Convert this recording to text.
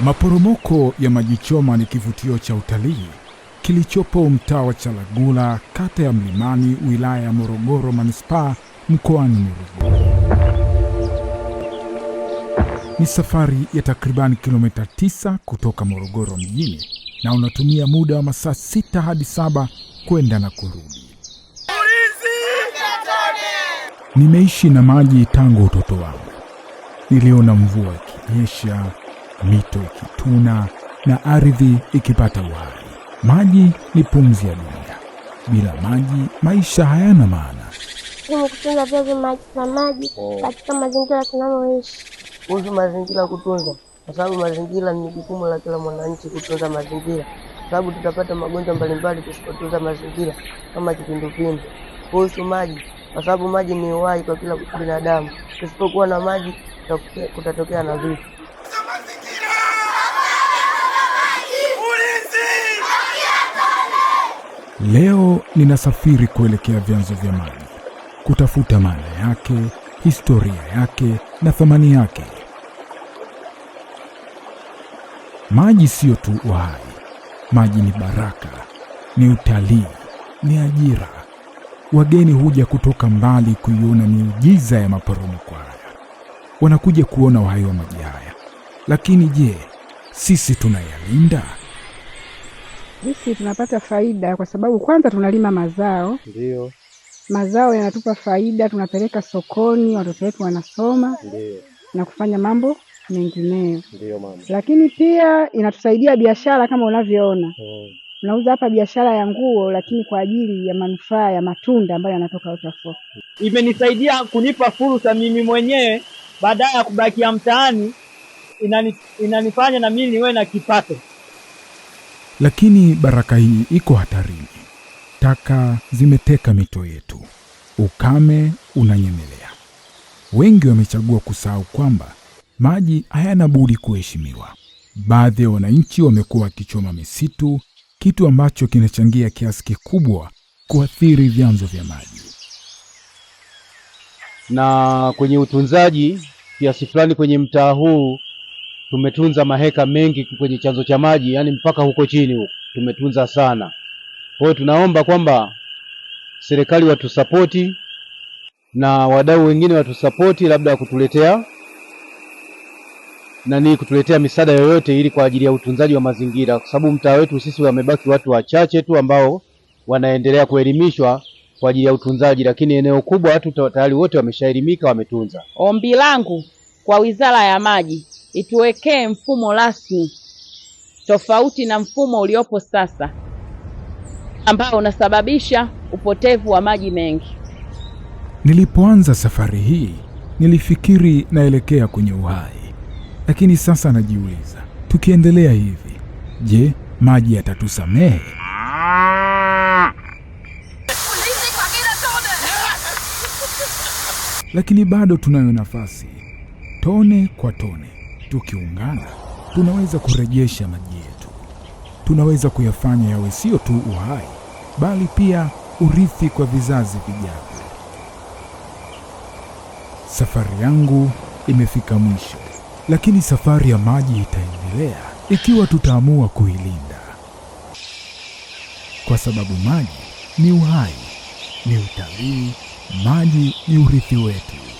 Maporomoko ya Maji Choma ni kivutio cha utalii kilichopo mtaa wa Chalagula, kata ya Mlimani, wilaya ya Morogoro, manispaa mkoani Morogoro. Ni safari ya takribani kilomita tisa kutoka Morogoro mjini na unatumia muda wa masaa sita hadi saba kwenda na kurudi. Nimeishi na maji tangu utoto wangu. Niliona mvua ikinyesha mito ikituna na ardhi ikipata uhai. Maji ni pumzi ya dunia, bila maji maisha hayana maana. Ni kutunza vyanzo vya maji oh. katika mazingira tunayoishi. Kuhusu mazingira kutunza, kwa sababu mazingira ni jukumu la kila mwananchi kutunza mazingira, kwa sababu tutapata magonjwa mbalimbali tusipotunza mazingira kama kipindupindu. Kuhusu maji, kwa sababu maji ni uhai kwa kila binadamu, tusipokuwa na maji kutatokea na vifo. Leo ninasafiri kuelekea vyanzo vya maji kutafuta maana yake, historia yake na thamani yake. Maji siyo tu uhai, maji ni baraka, ni utalii, ni ajira. Wageni huja kutoka mbali kuiona miujiza ya maporomoko haya, wanakuja kuona uhai wa maji haya. Lakini je, sisi tunayalinda? Sisi tunapata faida kwa sababu kwanza tunalima mazao. Ndio. Mazao yanatupa faida, tunapeleka sokoni, watoto wetu wanasoma. Ndio. Na kufanya mambo mengineyo. Ndio mama. Lakini pia inatusaidia biashara kama unavyoona. Mm. Unauza hapa biashara ya nguo lakini kwa ajili ya manufaa ya matunda ambayo yanatoka Utafua. Imenisaidia kunipa fursa mimi mwenyewe baadaye ya kubakia mtaani inanifanya na mimi niwe na kipato. Lakini baraka hii iko hatarini. Taka zimeteka mito yetu, ukame unanyemelea. Wengi wamechagua kusahau kwamba maji hayana budi kuheshimiwa. Baadhi ya wananchi wamekuwa wakichoma misitu, kitu ambacho kinachangia kiasi kikubwa kuathiri vyanzo vya maji. Na kwenye utunzaji kiasi fulani kwenye mtaa huu tumetunza maheka mengi kwenye chanzo cha maji, yani mpaka huko chini huko tumetunza sana. Kwa hiyo tunaomba kwamba serikali watusapoti na wadau wengine watusapoti, labda kutuletea nani, kutuletea misaada yoyote, ili kwa ajili ya utunzaji wa mazingira, kwa sababu mtaa wetu sisi wamebaki watu wachache tu ambao wanaendelea kuelimishwa kwa ajili ya utunzaji, lakini eneo kubwa watu tayari wote wameshaelimika, wametunza. Ombi langu kwa Wizara ya Maji ituwekee mfumo rasmi tofauti na mfumo uliopo sasa ambao unasababisha upotevu wa maji mengi. Nilipoanza safari hii nilifikiri naelekea kwenye uhai, lakini sasa najiuliza, tukiendelea hivi, je, maji yatatusamehe? Lakini bado tunayo nafasi, tone kwa tone. Tukiungana tunaweza kurejesha maji yetu, tunaweza kuyafanya yawe sio tu uhai, bali pia urithi kwa vizazi vijavyo. Safari yangu imefika mwisho, lakini safari ya maji itaendelea ikiwa tutaamua kuilinda, kwa sababu maji ni uhai, ni utalii, maji ni urithi wetu.